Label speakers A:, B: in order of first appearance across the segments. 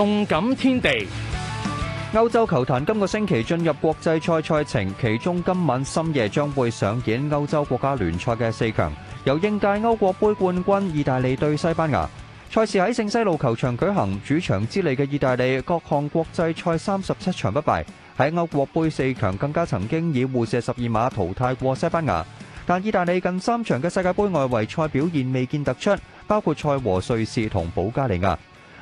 A: 動感天地，歐洲球壇今個星期進入國際賽賽程，其中今晚深夜將會上演歐洲國家聯賽嘅四強，由應屆歐國盃冠軍意大利對西班牙。賽事喺聖西路球場舉行，主場之利嘅意大利各項國際賽三十七場不敗，喺歐國盃四強更加曾經以互射十二碼淘汰過西班牙。但意大利近三場嘅世界盃外圍賽表現未見突出，包括賽和瑞士同保加利亞。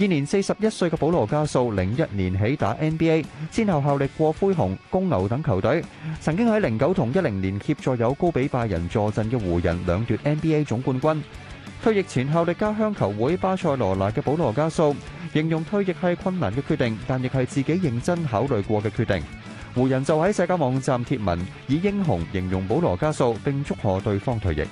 A: 現年四十一歲嘅保羅加素，零一年起打 NBA，先後效力過灰熊、公牛等球隊，曾經喺零九同一零年協助有高比拜仁坐鎮嘅湖人兩奪 NBA 總冠軍。退役前效力家鄉球會巴塞羅那嘅保羅加素，形容退役係困難嘅決定，但亦係自己認真考慮過嘅決定。湖人就喺社交網站貼文，以英雄形容保羅加素，並祝賀對方退役。